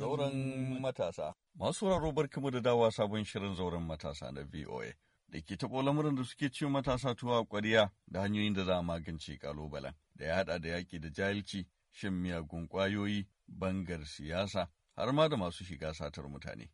Zauren matasa. Masu sauraro barkamu da dawa sabon shirin zauren matasa na VOA da ke taɓo lamuran da suke ce matasa tuwa ƙwariya da hanyoyin da za a magance ƙalubalen da ya haɗa da yaƙi da jahilci, shan miyagun ƙwayoyi, bangar siyasa, har ma da masu shiga satar mutane.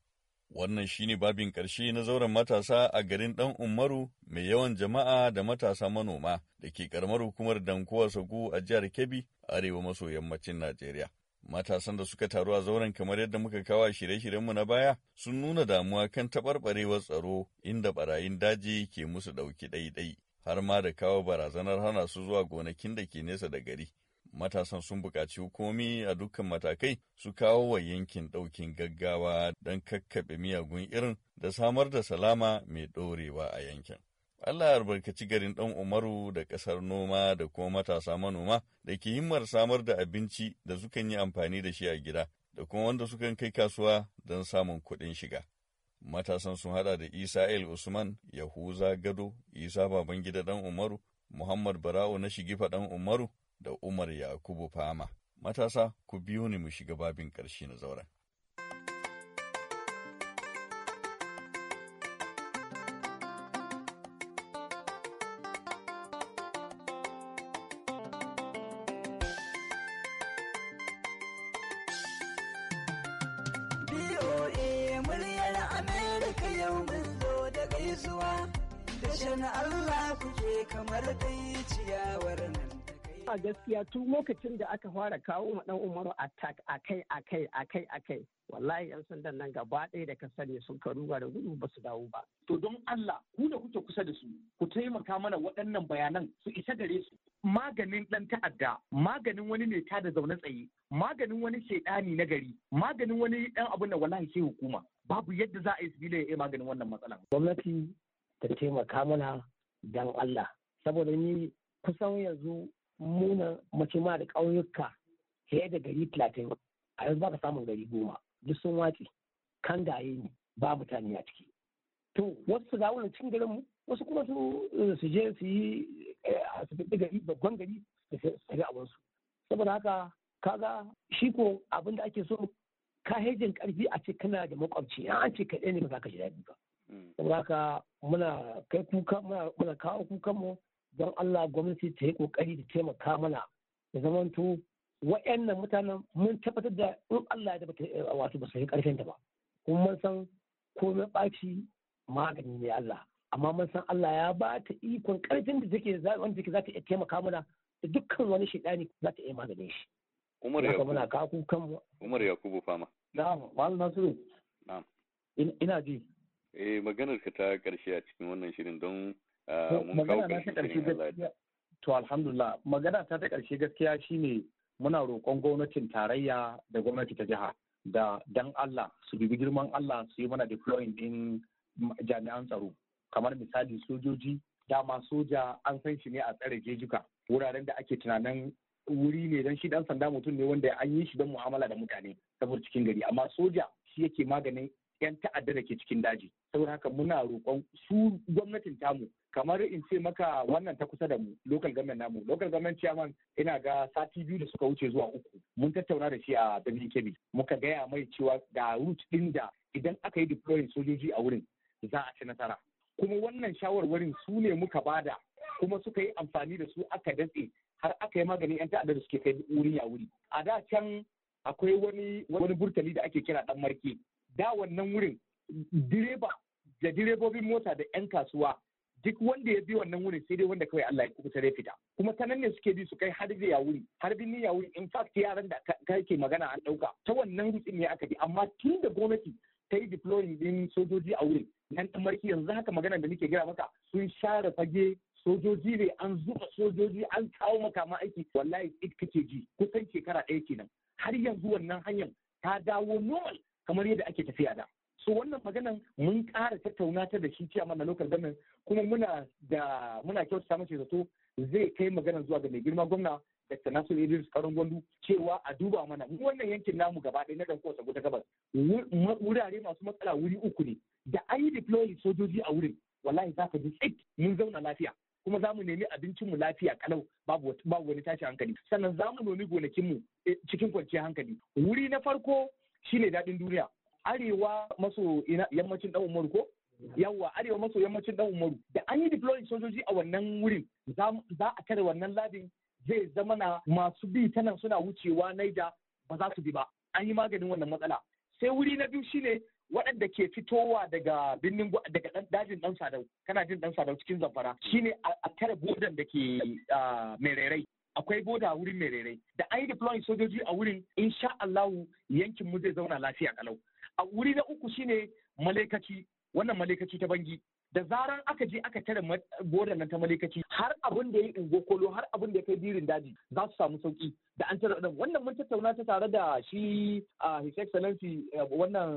Wannan shine babin ƙarshe na zauren matasa a garin ɗan Umaru mai yawan jama'a da matasa manoma da ke ƙaramar hukumar Dankowa Sagu a jihar Kebbi, arewa maso yammacin Najeriya. Matasan da suka taru a zauren kamar yadda muka kawa shirye-shiryenmu na baya sun nuna damuwa kan taɓarɓarewar tsaro inda barayin daji ke musu ɗauki ɗaiɗai har ma da kawo barazanar hana su zuwa gonakin da ke nesa da gari. Matasan sun buƙaci hukumomi a dukkan matakai su kawo wa yankin ɗaukin gaggawa don kakkaɓe miyagun irin da samar da salama mai ɗorewa a yankin. Allah ya albarkaci garin ɗan Umaru da ƙasar noma da kuma matasa manoma da ke himmar samar da abinci da sukan yi amfani da shi a gida da kuma wanda sukan kai kasuwa don samun kuɗin shiga. Matasan sun haɗa da Isa El Usman, Yahuza Gado, Isa Babangida ɗan Umaru, Muhammad Bara'u na Shigifa ɗan Umaru da Umar Yakubu Fama. Matasa, ku biyo ne mu shiga babin ƙarshe na zauren. gaisuwa da Allah kamar dai ciyawar nan a gaskiya tun lokacin da aka fara kawo ma dan umaru attack akai akai akai akai wallahi yan sandan nan gaba ɗaya da ka sani sun ba da gudu ba su dawo ba to don Allah ku da kuke kusa da su ku taimaka mana waɗannan bayanan su isa gare su maganin ɗan ta'adda maganin wani ne ta da zaune tsaye maganin wani shaidani na gari maganin wani ɗan abin da wallahi sai hukuma babu yadda za a yi sibila ya maganin wannan matsalan. Gwamnati ta taimaka mana dan Allah saboda ni kusan yanzu muna mace ma da ƙauyuka fiye da gari talatin a yanzu ba ka samun gari goma duk sun wace kan gaye ne ba mutane a ciki. To wasu su dawo cikin garin wasu kuma su su je su yi asibiti eh, gari babban gari da su a wasu. Saboda haka kaga shi ko abin da ake so ka hejin karfi a ce kana da makwabci an ce kaɗai ne ba za ka ji daɗi ba. Hmm. Saboda ka muna kai kuka muna kawo kukan mu don Allah gwamnati ta yi kokari da taimaka mana da zamanto wa'annan mutanen mun tabbatar da in Allah ya tabbata eh, wato ba su yi karfin ta ba. Kuma mun san komai ɓaci magani ne Allah. Amma mun san Allah ya ba ta ikon karfin da take za ta iya taimaka mana da dukkan wani shaidani za ta iya maganin shi. Umar Yakubu. muna ka kukan Umar Yakubu fama. Na'am, Mal Nasiru. Na'am. Ina ji. Eh maganar ka ta karshe a cikin wannan shirin don ah, mun kawo karshen shirin Allah. To alhamdulillah magana ta ta karshe gaskiya shine muna roƙon gwamnatin tarayya da gwamnati ta jiha da dan Allah su bibi girman Allah su yi mana deploying din jami'an tsaro kamar misali sojoji dama soja an san shi ne a tsare jejuka wuraren da ake tunanin wuri ne don shi dan sanda mutum ne wanda an yi shi don mu'amala da mutane saboda cikin gari amma soja shi yake maganin yan ta'adda da ke cikin daji saboda haka muna roƙon su gwamnatin tamu kamar in ce maka wannan ta kusa da mu local government namu local government chairman ina ga sati biyu da suka wuce zuwa uku mun tattauna da shi a birnin kebbi muka gaya mai cewa da root din da idan aka yi deploying sojoji a wurin za a ci nasara kuma wannan shawarwarin su ne muka bada kuma suka yi amfani da su aka datse har aka yi magani yan ta'adda da suke kai wuri a wuri a da can akwai wani wani burtali da ake kira dan marke da wannan wurin direba da direbobin mota da yan kasuwa duk wanda ya bi wannan wurin sai dai wanda kawai Allah ya kuka ya fita kuma ta ne suke bi su kai har da wuri, har binni wuri, in fact yaran da kake magana an dauka ta wannan rutsin ne aka bi amma tun da gwamnati ta yi deploying din sojoji a wurin nan dan marke yanzu haka magana da nake gira maka sun share fage sojoji ne an zuba sojoji an kawo makaman aiki wallahi it kake ji kusan shekara ɗaya kenan har yanzu wannan hanyar ta dawo normal kamar yadda ake tafiya da so wannan maganan mun ƙara tattauna ta da shi ciya mana local government kuma muna da muna kyautata mace zato zai kai maganar zuwa ga mai girma gwamna Dr. Nasiru Idris Karon Gwandu cewa a duba mana mu wannan yankin namu gaba ɗaya na Danko Sago ta Gabas wurare masu matsala wuri uku ne da an yi deploy sojoji a wurin wallahi za ka ji tsit mun zauna lafiya kuma za mu nemi abincin mu lafiya kalau babu babu wani tashi hankali sannan za mu nomi gonakin mu eh, cikin kwanciyar hankali wuri na farko shine daɗin duniya arewa maso yammacin dan umaru ko yawwa arewa maso yammacin dan umaru da an yi deploy sojoji a wannan wurin za a tare wannan labin zai zama na masu bi tana suna wucewa naija ba za su bi ba an yi maganin wannan matsala sai wuri na biyu shine waɗanda ke fitowa daga birnin daga dajin dan sadau kana jin dan sadau cikin zamfara shine a tare bodan da ke mererai akwai boda wurin mererai da an yi deploying sojoji a wurin insha Allahu yankin mu zai zauna lafiya kalau a wuri na uku shine malekaci wannan malekaci ta bangi da zarar aka je aka tare goda nan ta malikaci har abin da ya yi ungokolo har abin da ya kai birin daji za su samu sauki da an tare wannan mun tattauna ta tare da shi a his excellency wannan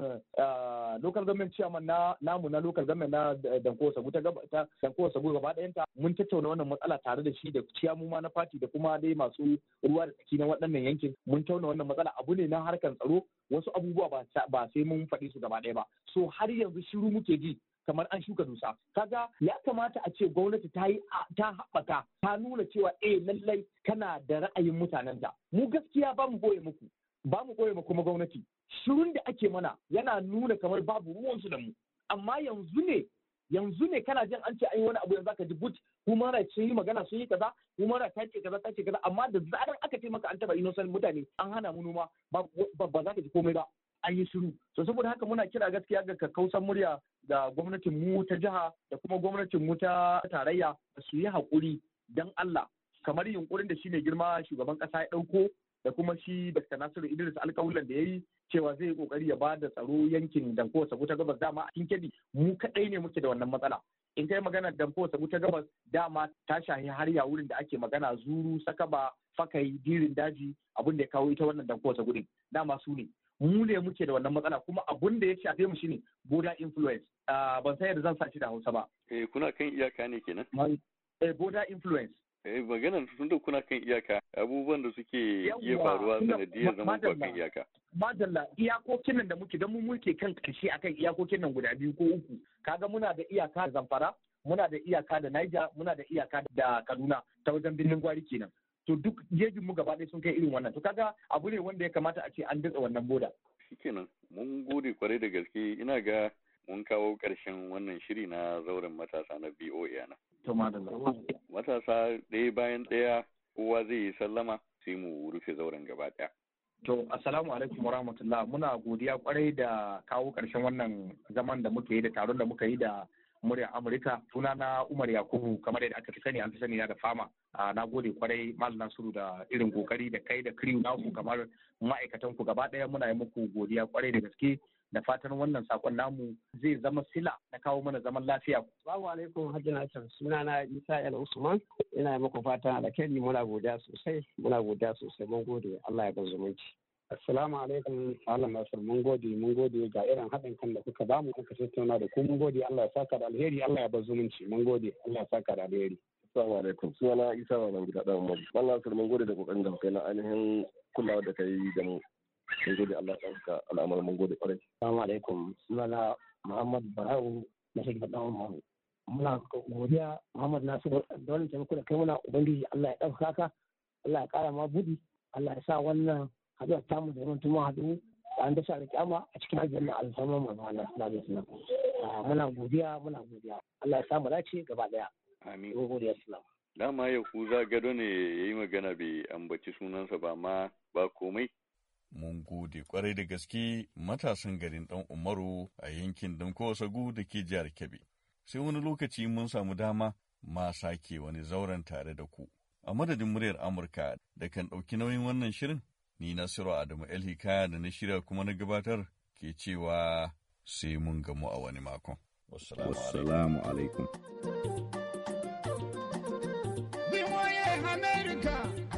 local government chairman na namu na local government na danko sagu ta danko sagu gaba ɗayan ta mun tattauna wannan matsala tare da shi da ciyamu ma na fati da kuma dai masu ruwa da tsaki na waɗannan yankin mun tauna wannan matsala abu ne na harkar tsaro wasu abubuwa ba sai mun faɗi su gaba ɗaya ba so har yanzu shiru muke ji kamar an shuka dusa kaga ya kamata a ce gwamnati ta yi ta haɓaka ta nuna cewa eh lallai kana da ra'ayin mutanen mutanenta mu gaskiya ba mu goye muku ba mu goye kuma gwamnati shirun da ake mana yana nuna kamar babu ruwansu da mu amma yanzu ne yanzu ne kana jin an ce an yi wani abu yanzu ka ji but human rights sun yi magana sun yi kaza human rights ta ce kaza ta ce kaza amma da zaran aka ce maka an taba innocent mutane an hana mu noma ba za ka ji komai ba an yi shiru to saboda haka muna kira gaskiya ga kakkausan murya ga gwamnatin mu ta jiha da kuma gwamnatin mu ta tarayya su yi haƙuri dan Allah kamar yunkurin da shine girma shugaban ƙasa ya ɗauko da kuma shi Dr. Nasiru Idris alƙawulan da ya yi cewa zai kokari ya ba da tsaro yankin Danko Sabu ta Gabas dama a Kinkedi mu kaɗai ne muke da wannan matsala in kai magana Danko Sabu ta Gabas dama ta shahi har ya wurin da ake magana zuru sakaba fakai dirin daji abin da ya kawo ita wannan Danko Sabu din dama su ne mu ne muke da wannan matsala kuma abun da ya shafe mu shine border influence ah, ban san yadda zan sa shi da Hausa ba eh kuna kan iyaka ne kenan eh border influence eh maganar tunda kuna kan iyaka abubuwan da suke iya faruwa sanadiyar zama ba kan iyaka madalla iyakokin nan da muke dan mu muke kan kashi akan iyakokin nan guda biyu ko uku kaga muna da iyaka da Zamfara muna da iyaka da Niger muna da iyaka da Kaduna ta wajen birnin Gwari kenan to duk jejin mu gaba ɗaya sun kai irin wannan to kaga abu ne wanda ya kamata a ce an datsa wannan boda shikenan mun gode kwarai da gaske ina ga mun kawo ƙarshen wannan shiri na zauren matasa na BOA na matasa ɗaya bayan ɗaya kowa zai yi sallama sai mu rufe zauren gaba ɗaya To, assalamu alaikum wa rahmatullah muna godiya kwarai da kawo ƙarshen wannan zaman da muka yi da taron da muka yi da murya Amurka na Umar Yakubu kamar yadda aka fi sani an fi sani da fama a na gode kwarai Mal Nasiru da irin kokari da kai da crew naku kamar ma'aikatan ku gaba ɗaya muna yi muku godiya kwarai da gaske da fatan wannan sakon namu zai zama sila na kawo mana zaman lafiya. Assalamu alaikum Hajji Nasir sunana Isa El Usman ina yi muku fatan alkhairi muna godiya sosai muna godiya sosai mun gode Allah ya bar zumunci. Assalamu alaikum Malam Nasir mun gode mun gode ga irin haɗin kan da kuka bamu aka tattauna da ku mun gode Allah ya saka da alheri Allah ya bar zumunci mun gode Allah ya saka da alheri. Assalamu alaikum sunana Isa Malam Gida Dan Mabu. Malam Nasir mun gode da kokarin da kai na ainihin kulawa da kai da mu. Mun gode Allah ya saka al'amarin mun gode kwarai. Assalamu alaikum sunana Muhammad Barau na shiga Dan Mabu. Muna godiya Muhammad Nasir da wannan taimako da kai muna ubangiji Allah ya ɗaukaka ka Allah ya ƙara ma budi Allah ya sa wannan haɗuwar tamu da ruwan tuma haɗu an da kyama a cikin alfama mu manzo Allah sallallahu alaihi wasallam ah, muna godiya muna godiya Allah ya samu dace gaba daya amin godiya sallam dama ya ku za gado ne yayi magana bai ambaci sunansa ba ma ba komai mun gode kwarai da gaske matasan garin dan Umaru a yankin Danko Sagu da ke jihar Kebbi sai wani lokaci mun samu dama ma sake wani zauren tare da ku a madadin muryar Amurka da kan ɗauki nauyin wannan shirin Ni Nasiru Adamu Hikaya da na shirya kuma na gabatar ke cewa sai mun gamu a wani makon. Wassalamu alaikum. America.